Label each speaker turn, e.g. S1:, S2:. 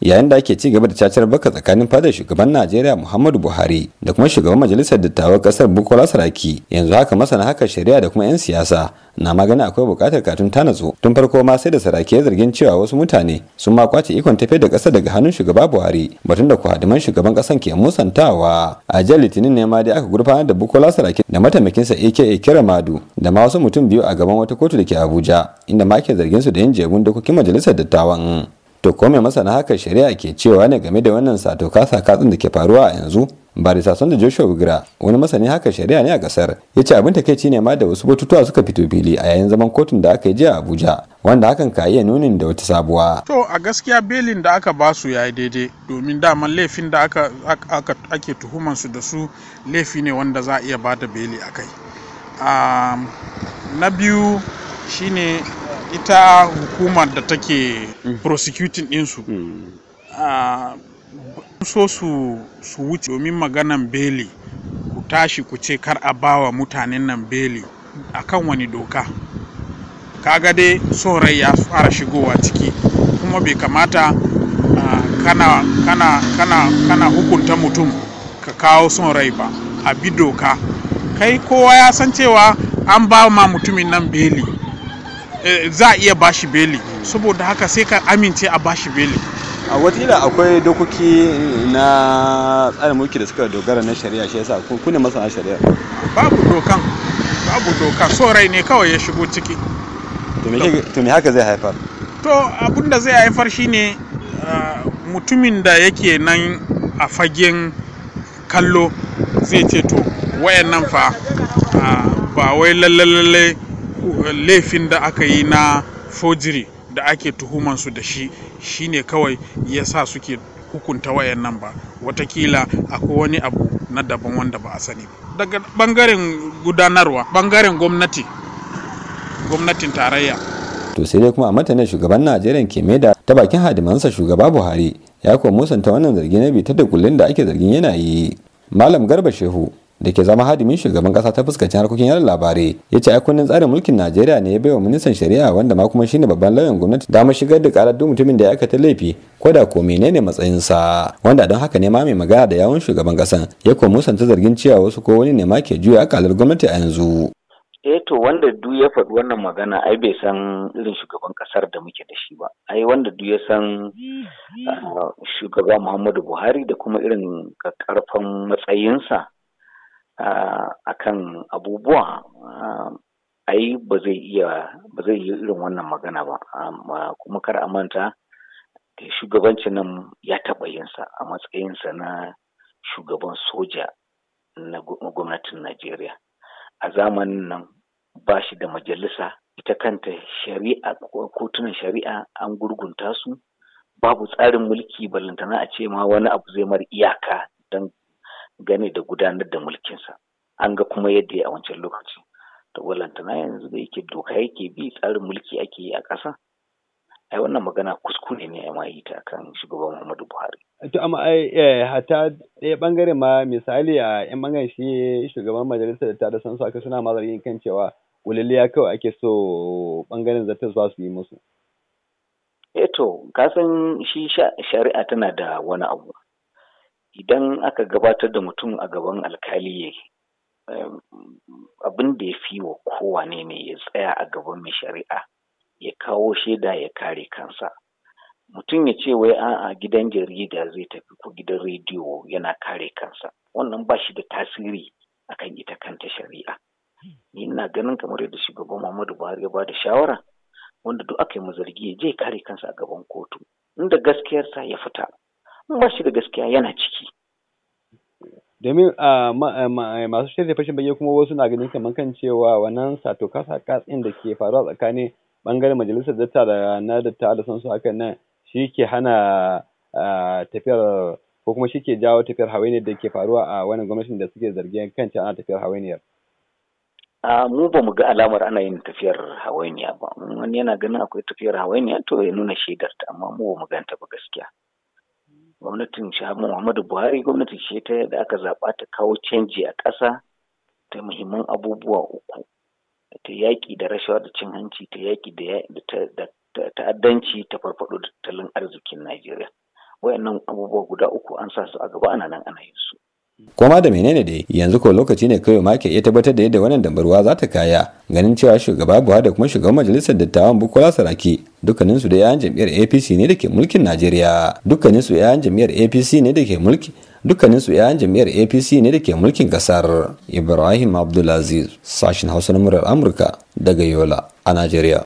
S1: yayin da ake ci gaba da cacar baka tsakanin fadar shugaban Najeriya Muhammadu Buhari da kuma shugaban majalisar dattawan kasar Bukola Saraki yanzu haka masana haka shari'a da kuma 'yan siyasa na magana akwai bukatar katun ta natsu tun farko ma sai da saraki ya zargin cewa wasu mutane sun ma kwace ikon tafe da kasa daga hannun shugaba Buhari batun da kwadiman shugaban kasan ke musantawa a jiya Litinin ne ma dai aka gurfanar da Bukola Saraki da mataimakinsa AKA Kiramadu da ma wasu mutum biyu a gaban wata kotu da ke Abuja inda ma ke zargin su da yin jebun dokokin majalisar dattawan to ko mai masana haka shari'a ke cewa ne game da wannan sato kasa katsin da ke faruwa a yanzu barisa sun da joshua wigra wani masani haka shari'a ne a kasar ya ce abin takaici ne ma da wasu batutuwa suka fito fili a yayin zaman kotun da aka yi jiya abuja wanda hakan ka iya nunin da wata sabuwa
S2: to a gaskiya belin da aka basu ya yi daidai domin daman laifin da ake tuhuman su da su laifi ne wanda za a iya bada beli a kai na biyu shine ita hukumar da take mm. prosecuting ɗinsu mm. so su su wuce domin maganan beli ku tashi ku ce kar a bawa mutanen nan beli akan wani doka kaga dai son rai ya fara shigowa ciki kuma bai kamata kana, hukunta mutum ka kawo son rai ba a bi doka kai kowa ya san cewa an ba mutumin nan beli Eh, za a iya bashi beli saboda haka sai ka amince a bashi beli a
S1: watakila akwai dokoki na tsarin mulki da suka dogara na shari'a shi yasa ku ne masana shari'a babu
S2: dokan babu doka so rai ne kawai ya shigo ciki
S1: to me haka zai haifar
S2: to abin da zai haifar shine ah, mutumin da yake nan a fagen kallo zai ce to wayannan fa ah, ba wai lalle lalle Eh, laifin da aka yi na forgery da ake tuhumansu da shi shine kawai ya sa suke hukunta wayan nan ba watakila akwai wani abu na daban wanda ba a sani ba daga bangaren gudanarwa bangaren gwamnati gwamnatin tarayya
S1: to sai dai kuma a matanin shugaban najeriya ke da ta bakin hadimansa shugaba buhari ya kuma musanta wannan zargi na ta da kullun da ake zargin yana yi malam garba shehu da ke zama hadimin shugaban kasa ta fuskanci harkokin yaran labarai ya ce aikunin tsarin mulkin najeriya ne ya baiwa ministan shari'a wanda ma kuma shine babban lauyan gwamnati damar shigar da karar duk mutumin da ya ta laifi ko da ko menene matsayinsa wanda don haka ne ma mai magana da yawun shugaban kasan ya ko musanta zargin cewa wasu ko wani ne ma ke juya akalar gwamnati a yanzu
S3: eh to wanda du ya faɗi wannan magana ai bai san irin shugaban kasar da muke da shi ba ai wanda du ya san ah, shugaba muhammadu buhari da kuma irin ƙarfan matsayinsa a kan abubuwa ai ba zai iya ba zai yi irin wannan magana ba kuma kar a manta shugabancin nan ya taɓa yinsa a matsayinsa na shugaban soja na gwamnatin Najeriya a zamanin nan ba shi da majalisa ita kanta shari'a kotunan shari'a an gurgunta su babu tsarin mulki ballantana a ce ma wani abu zai mar iyaka don gane da gudanar da mulkinsa an ga kuma yadda ya a wancan lokaci da walantana yanzu da yake doka yake bi tsarin mulki ake yi a ƙasa ai wannan magana kuskure ne a mayi ta kan shugaban Muhammadu
S1: Buhari. To amma ai eh, hata ɗaya bangare ma misali a yan bangaren shi shugaban majalisar da ta da su aka suna ma zargin kan cewa
S3: kulilliya kawai
S1: ake so bangaren zata za su yi musu.
S3: Eh to ka san shi shari'a tana da wani abu idan aka gabatar da mutum a gaban alkali eh, abin da ya fi wa kowane ne ya tsaya a gaban mai shari'a ya kawo shaida ya kare kansa mutum ya ce wai a'a gidan jarida zai tafi ko gidan rediyo yana kare kansa wannan ba shi da tasiri akan ita kanta shari'a ni ina ganin kamar yadda shugaban Muhammadu Buhari ya bada shawara wanda duk aka yi mu zargi ya je kare kansa a gaban kotu inda gaskiyarsa ya fita in ba shi da gaskiya yana ciki
S1: domin ah, eh, eh, masu shirya fashin bayyana kuma wasu na ganin kamar kan cewa wannan sato kasa katsin da ke faruwa tsakanin bangaren majalisar dattawa da na dattawa da sansu hakan nan shi ke hana ah, tafiyar ko kuma shi ke jawo tafiyar hawainiyar da ke faruwa a wannan gwamnatin da suke zargin
S3: kan ana tafiyar hawainiyar. Ah, mu ba mu ga alamar ana yin tafiyar hawainiya ba wani yana ganin akwai tafiyar hawainiya to ya nuna shaidar ta amma mu ba mu ganta ba gaskiya. gwamnatin shahabu muhammadu buhari gwamnati ce ta yadda aka zaɓa ta kawo canji a ƙasa ta muhimman abubuwa uku ta yaƙi da rashawa da cin hanci ta yaƙi da ta'addanci ta farfaɗo da tattalin arzikin najeriya wayannan abubuwa guda uku an sa su a gaba ana nan ana yin su
S1: koma da menene dai yanzu ko lokaci ne kawai ma ke iya tabbatar da yadda wannan dambarwa za ta kaya ganin cewa shugaba buhari da kuma shugaban majalisar dattawan bukola saraki dukkanin su da yayan jam'iyyar apc ne da ke mulkin najeriya dukkanin su yayan jam'iyyar apc ne da ke mulki dukkanin su yayan jam'iyyar apc ne da ke mulkin kasar ibrahim abdulaziz sashin hausa na murar amurka daga yola a najeriya